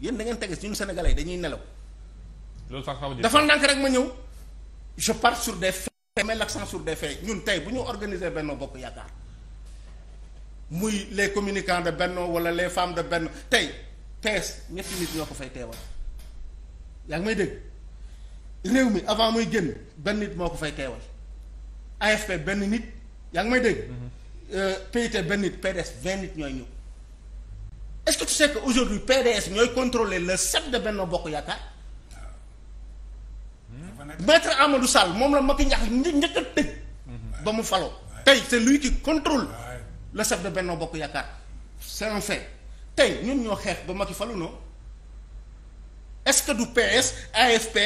yéen da ngeen tege ñun sénégalais dañuy nelaw. loolu sax xaw defal ndànk rek ma ñëw je pars sur des faits je mets sur des faits ñun tey bu ñu organiser Benno Bokk Yaakaar muy les communicants de Benno wala les femmes de Benno tey PS ñetti nit ñoo ko fay teewal yaa ngi may dégg réew mi avant muy génn benn nit moo ko fay teewal AFP benn nit yaa ngi may dégg. Mm-hmm. Euh, PIT benn nit PDS vingt nit ñooy ñëw. est ce que tu sais que aujourd'hui PDS ñooy contrôler le set de Benno Bokk Yaakaar. Mmh. maître Amadou Sall moom la Macky Ndiax njëkk a tëj. Mmh. ba mu faloo tey c'est lui qui contrôle le chef de Benno Bokk Yaakaar c'est fait tey ñun ñoo xeex ba Macky falu non est-ce que du PS AFP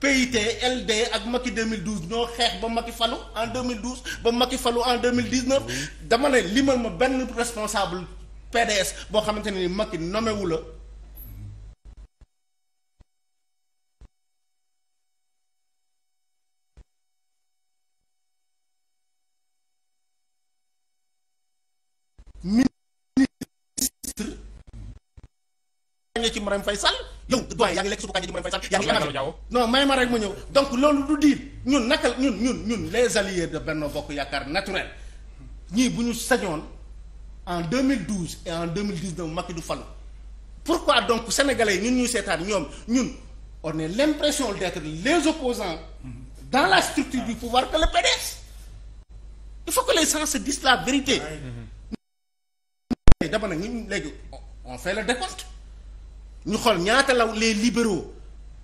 PIT LD ak Macky 2012 ñoo xeex ba Macky falu en 2012 ba Macky falu en 2019 dama ne limal ma benn responsable PDS boo xamante ne ni Macky nommé wu la ministre nga ci Marème Faye Sall yow doyen yaa ngi lekk suuf kaa ngi ci Marème Faye Sall yaa ngi non may ma rek ma ñëw donc loolu du diil ñun naka ñun ñun ñun les alliés de Benno Bokk Yaakaar naturel ñii bu ñu sañoon en deux 2012 et en 2019 Macky du falu pourquoi donc sénégalais ñun ñu seetaan ñoom ñun on a l'impression d'être les opposants dans la structure du pouvoir que le PDS il faut que les gens se disent la vérité dama nag ñun le décompte ñu xool ñaata law les libéraux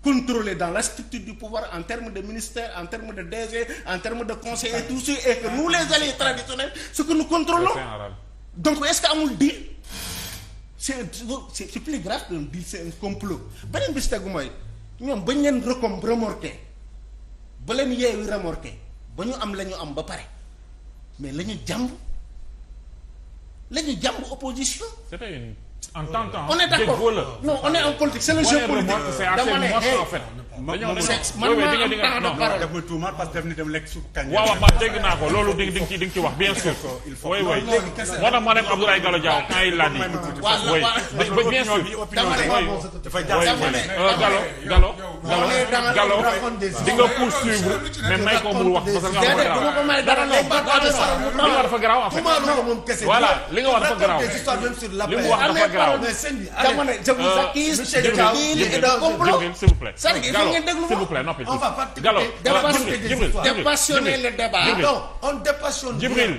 contrôlés dans la structure du pouvoir en termes de ministère en termes de DG en termes de conseillers tout ça et que nous les alliés traditionnels ce que nous contrôlons donc est-ce que amul deal c'est c'est plus grave que deal c'est un complot beneen bis tegu mooy ñoom bañ leen recom remorqué ba leen yeewi remorqué ba ñu am la ñu am ba pare mais la ñu jàmb la ñu jàmb opposition. C'était en tant que on que daf ni dem lekk suuf kañ. waaw man dégg naa ko loolu di ci wax bien sûr. il faut oui oui moo tax ma dem Abdoulaye Gallo Diaw quand il l'a dit. oui oui bien dafa euh, Gallo Gallo Gallo di nga wax parce que nga ko li nga wax dafa garaaw en fait li nga wax dafa garaaw li grave mais sëñ bi dama ne je vous accuse il est d'un complot s'il vous plaît c'est-à-dire il faut ngeen déglu s'il vous plaît noppi on va pas dépassionner le débat non on dépassionne Djibril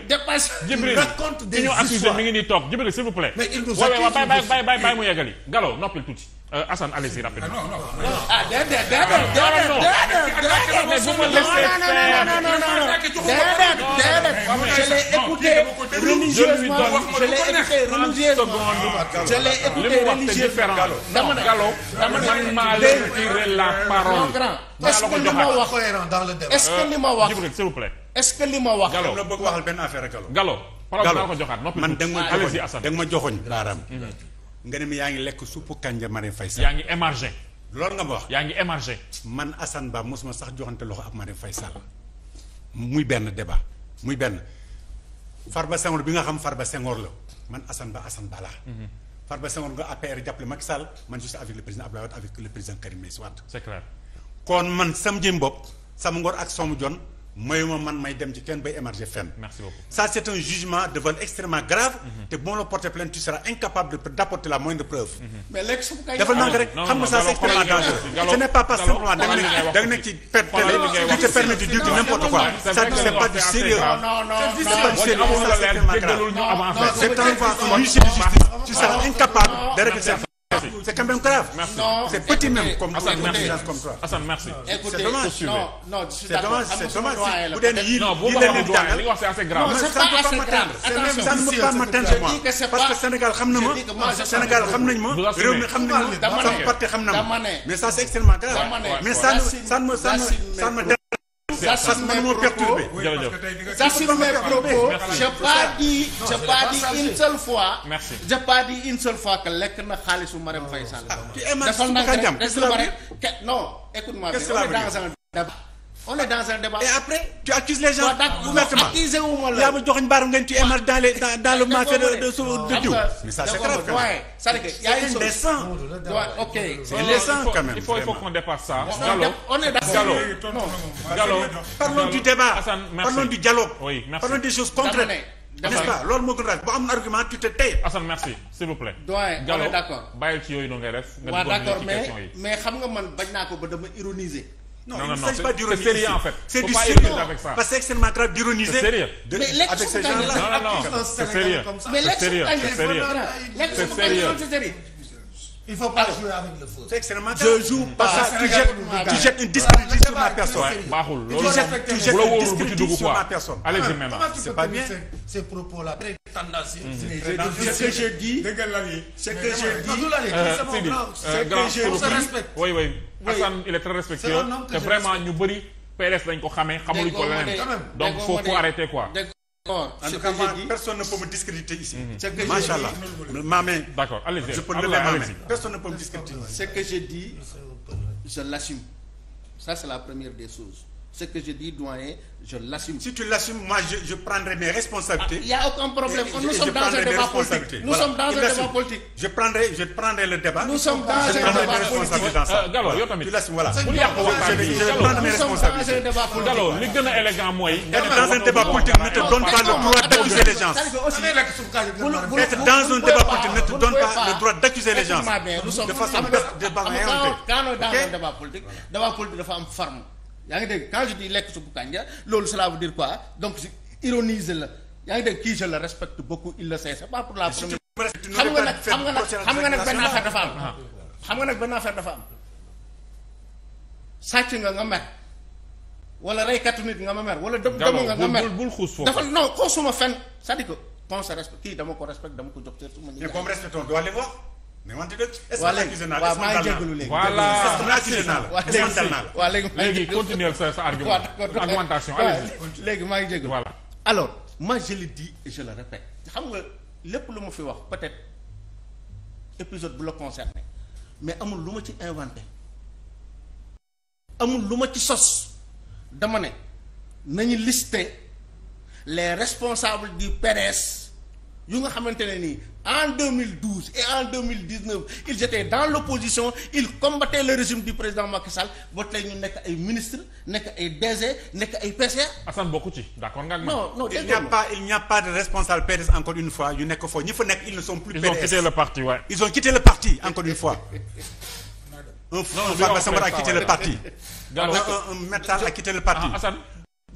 Djibril raconte des histoires ñu accusé mi ngi nii toog Djibril s'il vous plaît mais il nous accuse bay bay bay bay mu yegali Gallo noppil tuuti euh, Assane allez-y rapidement ah, ah déedéet déedéet ah, déedéet déedéet religieusement je l'ai écouté religieusement je est li ma wax est-ce que euh, ce que li wax. Gallo dama bëgg waxal benn affaire Gallo. Gallo parole maa ko joxaat noppi. man da nga ma joxoñ baaraam nga ne ma yaa ngi lekk suppu kanja Marème Faye Sall. yaa ngi émargé. loolu nga ma wax yaa ngi émargé. man Assane mosuma sax joxante loxo ak Marème Faye Sall muy benn débat muy benn. far Farba Senghor bi nga xam Farba Senghor la man Assane Ba Assane Ba laa. Mhm. Farba Senghor nga APR jàppale Macky Sall man je suis avec le président Abdoulaye Wade avec le président Karim Meïssa Wade. kon man sam jëm bopp sama ngor ak sama jon mayuma man may dem ci kenn bay émerger fenn. merci beaucoup un jugement de extrêmement grave. Mhm. te bu ma la porté plainte tu seras incapable de d' apporter la moindre preuve. Mhm. mais léegi su xam nga ça c' est extrêmement dangereux. n' est pas pas simplement da nga ne da nga ne ci perte te permet de dire n'importe quoi ça du sérieux. non non c' est du sérieux c'est quand même grave. c'est petit écoutez, même comme Assane, merci. comme toi. Assane, merci. c'est dommage. Non, non, je suis C'est dommage. bu dee c'est assez c'est parce que Sénégal xam na ma Sénégal xam nañ ma réew mi xam nañ ma sama xam na ma mais c'est extrêmement grave mais ça ça me ça me ça me ça c'est mes propos ça c'est mes propos j'ai pas dit j'ai pas dit une seule fois j'ai pas dit une seule fois que lekk na xaalisu Marème Faye Sall ah, defal na rek non écoute-moi bien on on est dans un débat. et après tu accuses les gens. ouvertement accusé wu ma la. yaa ma joxoñ baaram ngeen ci émarge dans les dans dans le marché de de de diw. mais ça c'est grave quand même. c'est indécent. ok c'est du débat. parlons du dialogue. oui nest pas loolu moo gën a bu am argument tu te tais. Assane merci s'il vous plaît. yooyu noonu ngay def. nga d'accord mais mais nga man bañ naa ko ba non non il ne pas d'ironiser. C'est sérieux en du sérieux c'est extrêmement d'ironiser. C'est sérieux. De, mais avec ces c'est sérieux. C'est C'est sérieux. il faut pas ah. je joue pas ça tu sur ma personne. baaxul loolu tu jettes une discrédit sur ma personne. allez-y même c'est pas bien ces propos là. très tendancieux. Mm. ce que je dis. ce que je dis. Euh, euh, oui oui. Assane il est très respectueux. te vraiment ñu bëri PLS dañ ko xamee. xamuñu ko leneen donc faut arrêter quoi. en tout cas personne ne peut ici. Mhm. macha allah ma main. d'accord allez-y je peux lever ma personne ne peut me ce que j'ai dit je l'assume c'est la première des choses. ce que je dis doyen je l'assume. si tu l'assumes moi je prendrai mes responsabilités. Ah, a aucun problème nous sommes dans un débat politique je prendrai le débat. nous sommes dans un ah, débat politique Gallo yow tamit. voilà bu yàq dans un débat politique ne te donne pas le droit d'accuser les gens. être dans un débat politique ne te donne pas le droit d'accuser les gens. de façon de débat quand on est yaa ngi dégg quand je dis lekk suppu kànja loolu cela veut dire quoi donc ironiser la yaa ngi de kii la le respecte beaucoup il le sait pour la première xam nga nag xam nga nag xam nga dafa am xam nga nag benn affaire dafa am sàcc nga nga mer wala reykatu nit nga ma mer wala dëpp dama nga nga mer bul xuus foofu dafa non xuusuma fen c'est-à-dire que qu'on se kii dama ko respect dama ko jox cër su ma ni comme respecte doole wax mais wante dëgg est-ce que accusé naa la maa ngi jégalu léegi léegi léegi continuer sa sa léegi maa ngi jégalu voilà alors moi je le dis je le répète xam nga lépp lu ma fi wax peut-être épisode bu la concerné mais amul lu ma ci inventé amul lu ma ci sos dama ne nañu liste les responsables di PDS yu nga xamante ne nii en 2012 et en 2019 ils étaient dans l'opposition ils combattaient le régime du président Macky Sall ba tey ñu nekk ay ministre nekk ay DG nekk ay PCA. Assane bokku ci d'accord nga ak non non il n'y il n'y a pas de responsable PDS encore une fois yu nekk foofu ñi fa nekk ils ne sont plus. PDS ils ont quitté le parti ouais. ils ont encore une fois. un Farba Sambar a quitté le parti. Gallo un un le parti.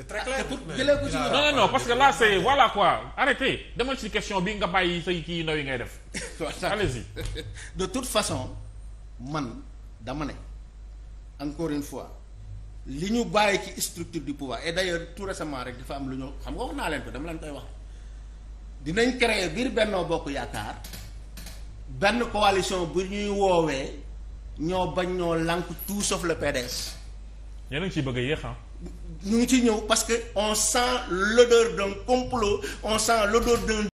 c'est très clair ah, non non parce que là c'est voilà quoi arrêtez demal ci question bi nga bàyyi say kii ndaw yi ngay def. allez-y de toute façon man dama ne encore une fois li ñu bàyyi ci structure du pouvoir et d'ailleurs tout récemment rek dafa am lu ñu xam nga wax naa leen ko dama leen koy wax dinañ créer biir Benno Bokk Yaakaar benn coalition bu ñuy woowee ñoo bañ ñoo lànk tout sauf le PDS. yéen ngi ciy bëgg a ñu ngi ci ñëw parce que on sent l'odeur d'un complot on sent l'odeur d'un